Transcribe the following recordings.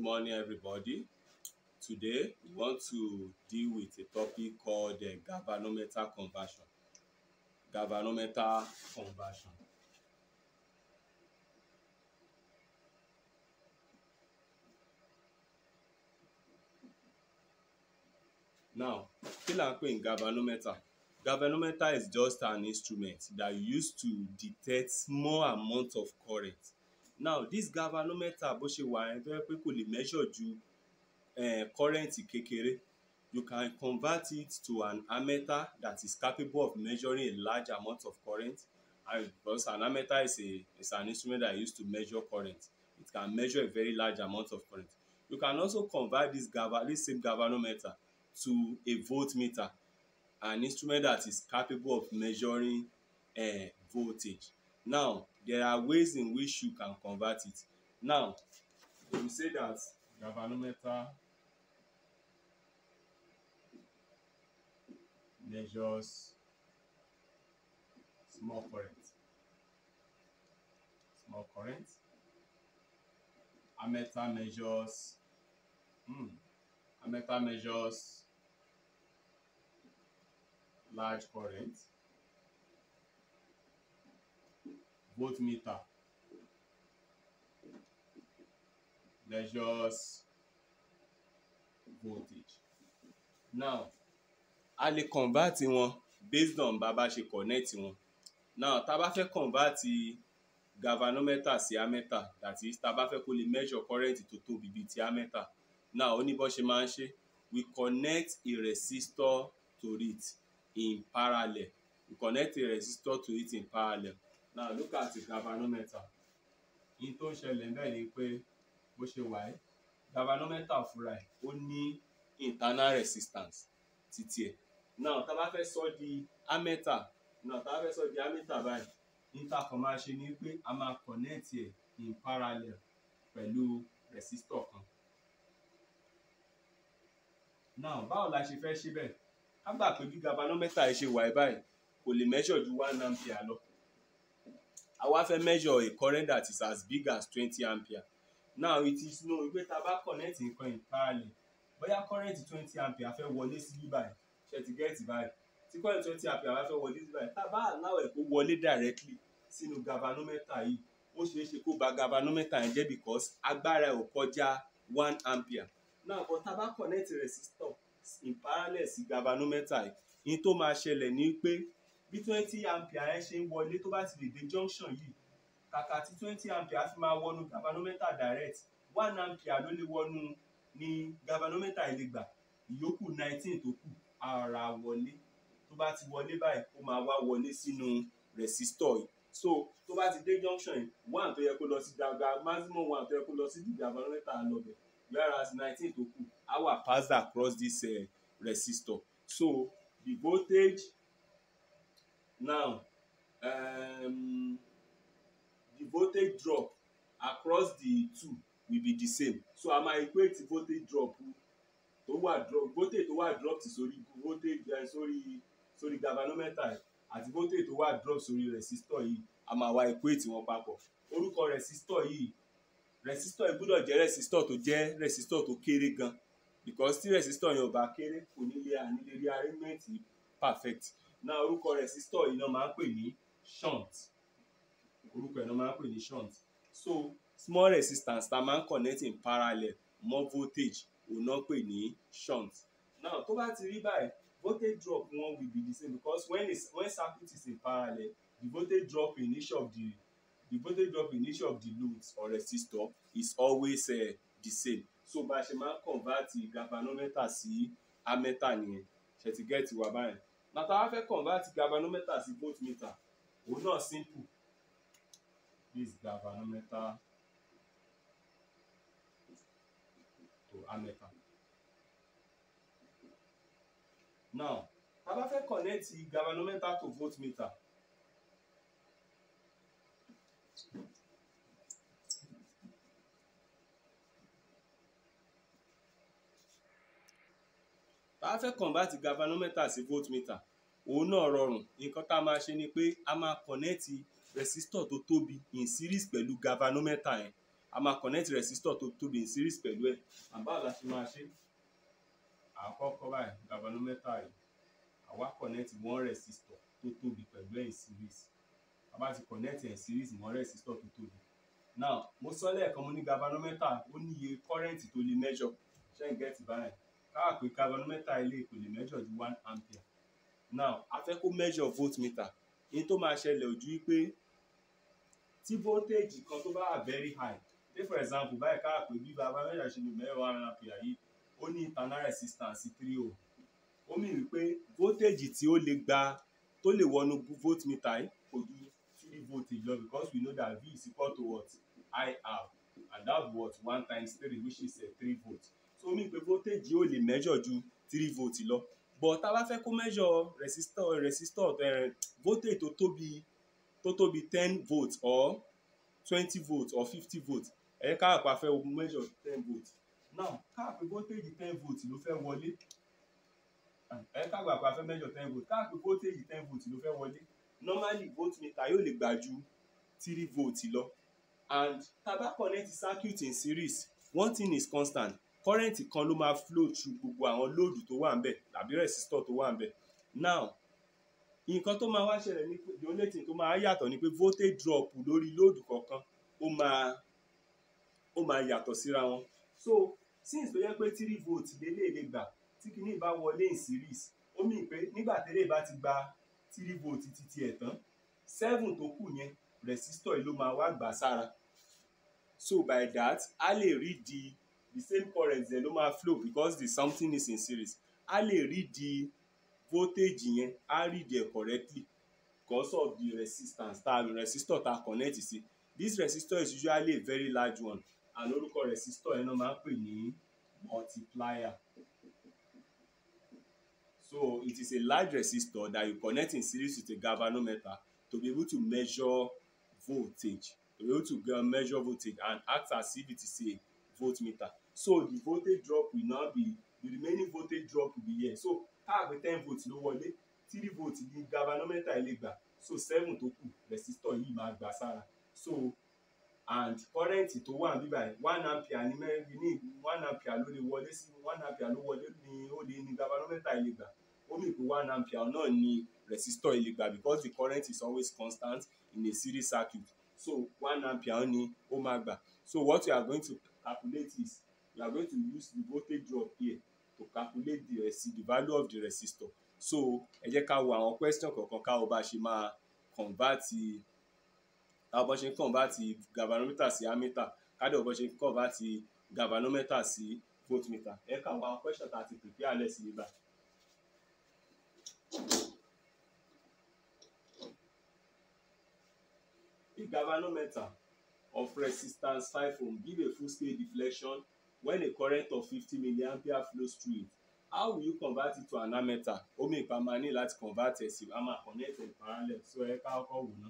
Good morning, everybody. Today, we want to deal with a topic called the galvanometer conversion. Galvanometer conversion. Now, kí la ń pè galvanometer? Galvanometer is just an instrument that you use to detect small amount of current now this galvanometer bó ṣe wà yẹn pé kò lè measure ju eh, current kékeré you can convert it to an ammeter that is capable of measuring a large amount of current and because an ammeter is a is an instrument that is used to measure current it can measure a very large amount of current you can also convert this galva this same galvanometer to a voltmeter an instrument that is capable of measuring uh, voltage now there are ways in which you can convert it now we say that galvanometer measures small current small current ammeter measures hmm, ammeter measures large current Both voltmeter. measures voltage. Now, a lè convert wọn based on Baba a bá ṣe connect wọn. Now, taba a bá convert galvanometer sí ameter that is taba a bá kó lè measure current tó tóbi bíi ti ammeter. Now, ó ní bọ́n ṣe máa ń ṣe we connect a resistor to it in parallel. We connect a resistor to it in parallel now look at the galvanometer yín tó ń ṣẹlẹ̀ bẹ́ẹ̀ ni pé bó ṣe wà ẹ́ galvanometer fúnra ẹ̀ ó ní internal resistance títí ẹ̀ now tá a bá fẹ́ sọ di ammeter now tá a bá fẹ́ sọ di ammeter báyìí níta kan máa ṣe ni pé a máa connect ẹ̀ in parallel pẹ̀lú resistor kan now báwo la ṣe fẹ́ ṣe bẹ́ẹ̀ ká gbà pé bí galvanometer ẹ ṣe wà ẹ báyìí kò lè measure ju one ampere lọ àwa fẹ́ measure a current that is as big as twenty ampere now it is known pé tá a bá connect nǹkan in parallel bóyá current twenty ampere a fẹ́ wọlé sí báyìí ṣe ti get báyìí tí current twenty ampere a fẹ́ wọlé sí báyìí tá a bá allow ẹ̀ kó wọlé directly sínú galvanometer yìí ó ṣeé ṣe kó ba galvanometer yẹn jẹ́ because agbára ẹ̀ ò kọjá one ampere now but tá a bá connect resistor in parallel sí galvanometer yìí ní tó máa ṣẹlẹ̀ ní pé bí twenty ampere yẹn ṣe ń wọlé tó bá ti lè dé junction yìí kàkà tí twenty ampere fi máa wọnú galvanometer direct one ampere ló lè wọnú ní galvanometer ilé gbà ìyókù nineteen tó kù ara wọlé tó bá ti wọlé báyìí ó máa wá wọlé sínú resistor yìí so tó bá ti dé junction yìí one tó yẹ kó lọ sí daga maximum one tó yẹ kó lọ sí the galvanometer lọbẹ whereas nineteen tó kù á wà pass across this uh, resistor so the voltage now um, the voltage drop across the two will be the same so a máa equate voltage drop tó wà drop voltage tó wà drop sórí voltage uh, sórí sórí galvanometer àti voltage tó wà drop sórí resistor yìí a máa wá equate wọn papọ̀ orúkọ resistor yìí resistor yìí gbọ́dọ̀ jẹ́ resistor tó jẹ́ resistor tó kéré gan because tí resistor yẹn ò bá kéré kò ní lè ànílérí arrangement perfect na orúkọ rẹ̀ sí store yìí náà máa ń pè ní shunt orúkọ ẹ̀ náà máa ń pè ní shunt so small resistance ta máa ń connect in parallel mọ́ voltage òun náà pè ní shunt now tó bá ti rí báyìí voltage drop wọn will be the same because when, it's when circuit is in parallel the voltage drop in each of the the voltage drop in each of the loads or resistor is always uh, the same so bá a ṣe máa ń convert galvanometer sí ammeter nìyẹn ṣe ti get wa báyìí bàtà wa fẹ́ convert galvanometer sí voltmeter òun náà simple this galvanometer to ameta. now tá a bá fẹ́ connect galvanometer to voltmeter a fẹ́ convert galvanometer sí voltmeter òun náà rọrùn nǹkan tá a máa ṣe ni pé a máa connect resistor tó tóbi in series pẹ̀lú galvanometer yẹn a máa connect resistor tó tóbi in series pẹ̀lú ẹ̀ àbá la ṣe máa ṣe àkọ́kọ́ báyìí galvanometer yìí àwa connect one resistor tó tóbi pẹ̀lú ẹ̀ in series a bá ti connect ẹ̀ series mọ́ resistor tó tóbi now mo sọ lẹ́ẹ̀kan mo ní galvanometer ó ní iye current tó lè measure ṣé n get báyìí káàpé galvanometer ilé kò lè measure ju one ampere now a fẹ́ kó measure voltmeter ní tó máa ṣẹlẹ̀ ojú wípé tí voltage kan tó bá very high take for example báyìí káàpé bí bàbá mẹ́ta ṣe lè mẹ́rin one ampere yìí ó ní internal resistance three ohm ó mì wípé voltage tí ó lè gba tó lè wọnú voltmeter yìí kò ju three voltage lọ because we know that V is equal to what I IR and that was one times three which is uh, three volts so ó mì pé voltage yóò lè measure ju three volt lọ but tá a bá fẹ́ kó measure resistor resistor uh, voltage tó tóbi tó tóbi ten volt or twenty volt or fifty volt ẹ̀yẹ́ káàpá fẹ́ measure ten volt now káàpé voltage ten volt ló fẹ́ wọlé ẹ̀yẹ́ káàpá fẹ́ measure ten volt káàpé voltage ten volt ló fẹ́ wọlé normally voltmeter yóò lè gbà ju three volt lọ and tá a bá connect circuit in series one thing is constant current kan ló máa flow through gbogbo àwọn load tó wà ń bẹ̀ tàbí resistor tó wà ń bẹ̀ now nǹkan tó máa wá ṣẹlẹ̀ ní pé the only thing tó máa yàtọ̀ ni pé voltage drop lórí load kọ̀ọ̀kan ó máa ó máa yàtọ̀ síra wọn so since tó yẹ pé three volt lélẹ́ẹ̀lẹ́ gbà tí kinní bá wọlé in series ó mì pé nígbà tẹ́lẹ̀ bá ti gba three volt títí ẹ̀ tán seven tó kù yẹn resistor yìí ló máa wá gbà sára so by that a lè rí di the same current yẹn ló máa flow because the something is in series a lè read the voltage yẹn a read it correctly because of the resistance ta resistor ta connect sí this resistor is usually a very large one and orúkọ resistor yẹn náà máa pè ní multiplier so it is a large resistor that you connect in series with a galvanometer to be able to measure voltage to be able to measure voltage and act as if it is a voltmeter so the voltage drop will now be the remaining voltage drop will be here so táàpé ten volt ló wọlé three volt ní galvanometer ilé gbà so seven tó kù resistor yìí máa gbà sára so and current tó wà níbí one ampere ní mẹ́rin ní one ampere ló lè wọlé sí one ampere ló wọlé ní ó lè ní galvanometer ilé gbà ó mì pé one ampere náà ní resistor ilé gbà because the current is always constant in a series circuit so one ampere ní ó máa gbà so what you are going to calculate is We are going to use the voltage drop here to calculate the resi the value of the resistor so ẹ jẹ́ ká wo àwọn question kọ̀ọ̀kan ká wo bá a ṣe máa convert àwọn bọ́n ṣe ń convert galvanometer sí ammeter kádé ọ̀bọ̀n ṣe ń convert galvanometer sí voltmeter ẹ ká wo àwọn question tá a ti prepare alẹ́ sí ibà. A galvanometer of resistance five ohm give a full scale deflection when a current of fifty milliampere flows through it how will you convert it to an ammeter omi ìpamọ́ ní láti convert ẹ̀ sí a máa connect ẹ̀ parallel so ẹ ká kọ́kọ́ wò ná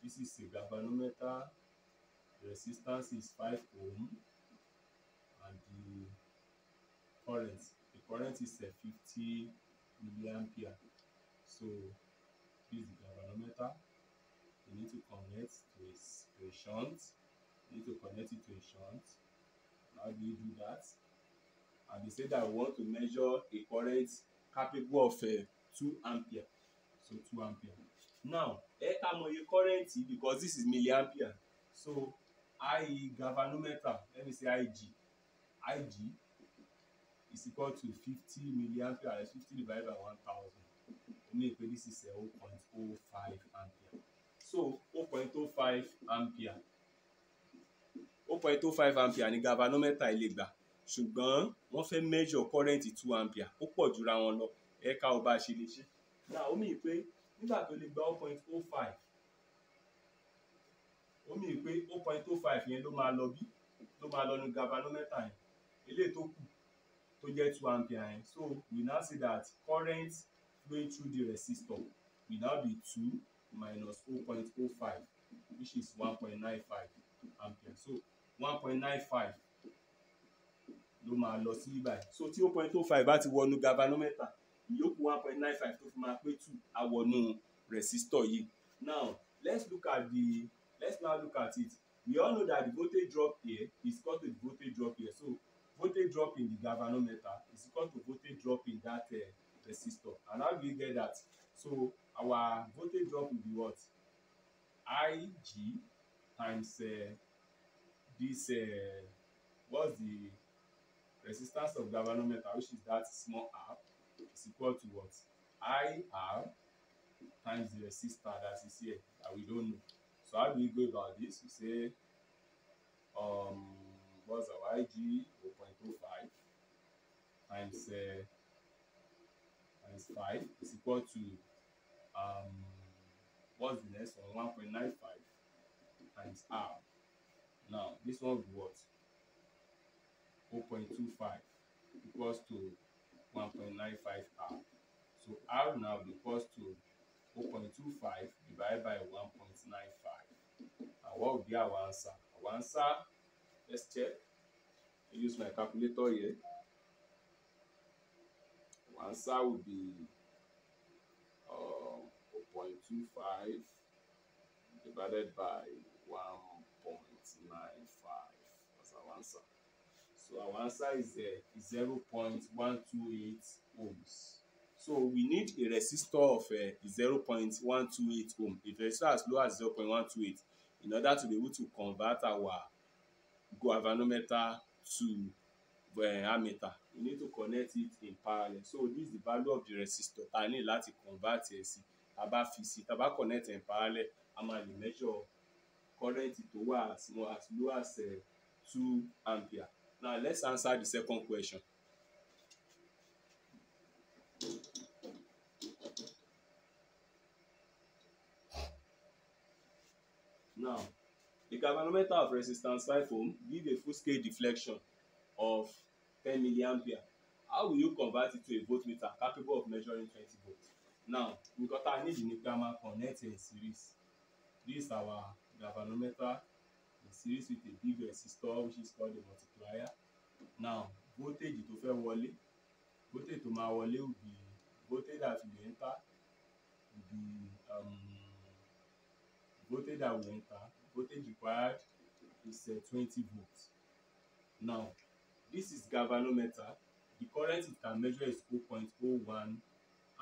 this is a galvanometer resistance is five ohm and the current the current is a eh, fifty milliampere so this is the galvanometer you need to connect to a shunt you need to connect it to a shunt How do you do that? And they said that we want to measure a current capable of uh, eh, 2 ampere. So 2 ampere. Now, ẹ ká mọ iye current because this is milliampere. So I galvanometer, let me say IG. IG is equal to 50 milliampere as 50 divided by 1000. Ní ìpè this is uh, eh, 0.05 ampere. So 0.05 ampere one point two oh five ampere ní galvanometa ilé gbà ṣùgbọ́n wọ́n fẹ́ measure current two ampere ó pọ̀ jura wọn lọ ẹ̀ka ọba ṣe lè ṣe náà ó mì pé nígbà tó lè gba one point oh five ó mì pé one point oh five yẹn ló máa lọ bí ló máa lọ ní galvanometa yẹn eléyìí tó kù tó jẹ́ two ampere yẹn so we now see that current going through the resistor will now be two minus oh point oh five which is one point nine five ampere so one point nine five ló máa lọ sí báyìí so tí one point two five bá ti wọnú galvanometer ìyókù one point nine five tó fi máa pé two á wọnú resistor yìí now let's look at the let's now look at it we all know that the voltage drop here is equal the voltage drop here so voltage drop in the galvanometer is equal to voltage drop in that uh, resistor and how do you get that so our voltage drop will be what I G times uh, this uh, what's the resistance of galvano metal which is that small r is equal to what i r times the resistor that is here that we don't know so how do we go about this we say um what's our ig 0.05 times uh, times 5 is equal to um what's the next one 1.95 times r Now, this one will be what? 0.25 equals to 1.95 R. So R now equals to 0.25 divided by 1.95. And what will be our answer? Our answer, let's check. I use my calculator here. Our answer would be uh, 0.25 divided by 1 answer. So our answer is, uh, is 0.128 ohms. So we need a resistor of uh, eh, 0.128 ohm, a resistor as low as 0.128 in order to be able to convert our galvanometer to uh, ammeter. We need to connect it in parallel. So this is the value of the resistor. I need ní to convert ẹ̀ sí. Ta bá fi sí, ta connect in parallel, I'm going to measure current tó wà as low as uh, two ampere. Now let's answer the second question. Now, the galvanometer of resistance 5 ohm give a full scale deflection of 10 milliampere. How will you convert it to a voltmeter capable of measuring 20 volts? Now, nǹkan tá a need ni pé a connect in series. This our galvanometer series with a big resistor eh, which is called a multiplier now voltage to fẹ́ wọlé voltage to máa wọlé will be voltage that will enter will be um, voltage that will enter voltage required is uh, eh, 20 volts now this is galvanometer the current it can measure is 0.01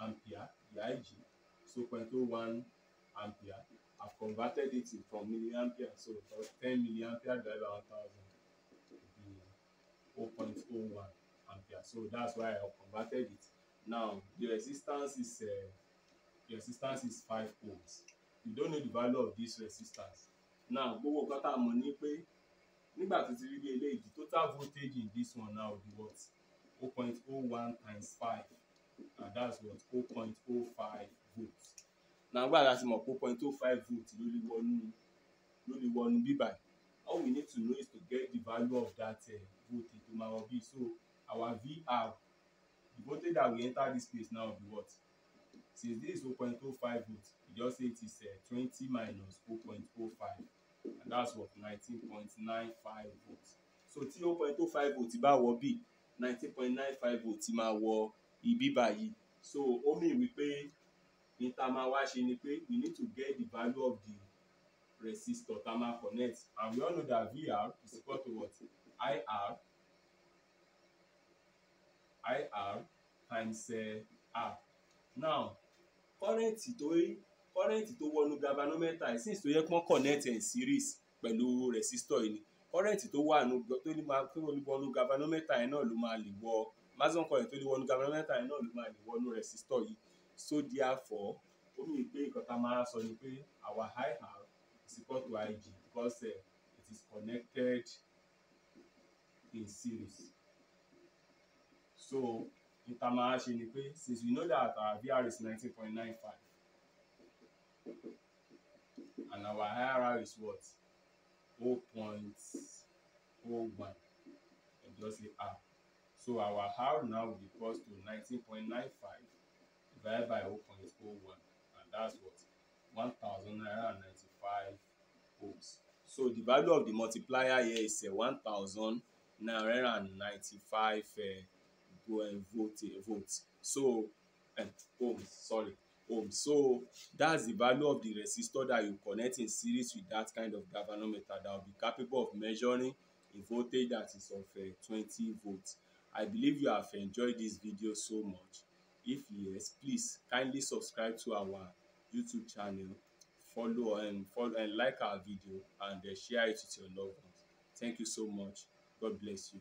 ampere the ig so 0.01 ampere I converted it from milliampere, so 10 milliampere divided by thousand would be 0.01 ampere. So that's why I converted it. Now, the resistance is uh, eh, the resistance is 5 ohms. You don't know the value of this resistance. Now, gbogbo nǹkan tá a mọ̀ ni pé nígbà tó ti rí bí eléyìí, the total voltage in this one now be what? 0.01 times 5 and that's what 0.05 volts nàgbà láti mọ̀ pé point two oh five volt ló lè wọnú ló lè wọnú bíbà all we need to know is to get the value of that uh, eh, voltage to our v so our vr the voltage that we enter this place now be what since this is 0.25 volt you just say it is uh, eh, 20 minus 0.05 and that's what 19.95 volt so tí 0.25 volt bá wọ bí 19.95 volt máa wọ ibi báyìí so ó mì wípé ní tá a máa wá ṣe ni pé we need to get the value of the resistor tá a máa connect and we all know that VR is equal to what IR IR times eh, R now current tó current tó wọnú galvanometer ẹ̀ since tó yẹ kí wọ́n connect ẹ̀ in series pẹ̀lú resistor yìí current tó wà nù tó ní máa tó wọnú galvanometer ẹ̀ náà ló máa lè wọ maximum current tó lè wọnú galvanometer ẹ̀ náà ló máa lè wọnú resistor yìí so therefore ó mì pé nǹkan tá a máa sọ ni pé our IR is equal to IG because uh, it is connected in series so nta máa ṣe ni pé since we know that our VR is nineteen point nine five and our IR is what o oh point o oh one and just say R so our R now will be equal to nineteen point nine five divided by 0.01 and that's what 1995 ohms so the value of the multiplier here is uh, 1995 uh, volt, volts so uh, ohms sorry ohms so that's the value of the resistor that you connect in series with that kind of galvanometer that will be capable of measuring a voltage that is of uh, 20 volts i believe you have enjoyed this video so much If yes, please kindly subscribe to our YouTube channel, follow and um, follow and like our video and uh, share it with your loved ones. Thank you so much. God bless you.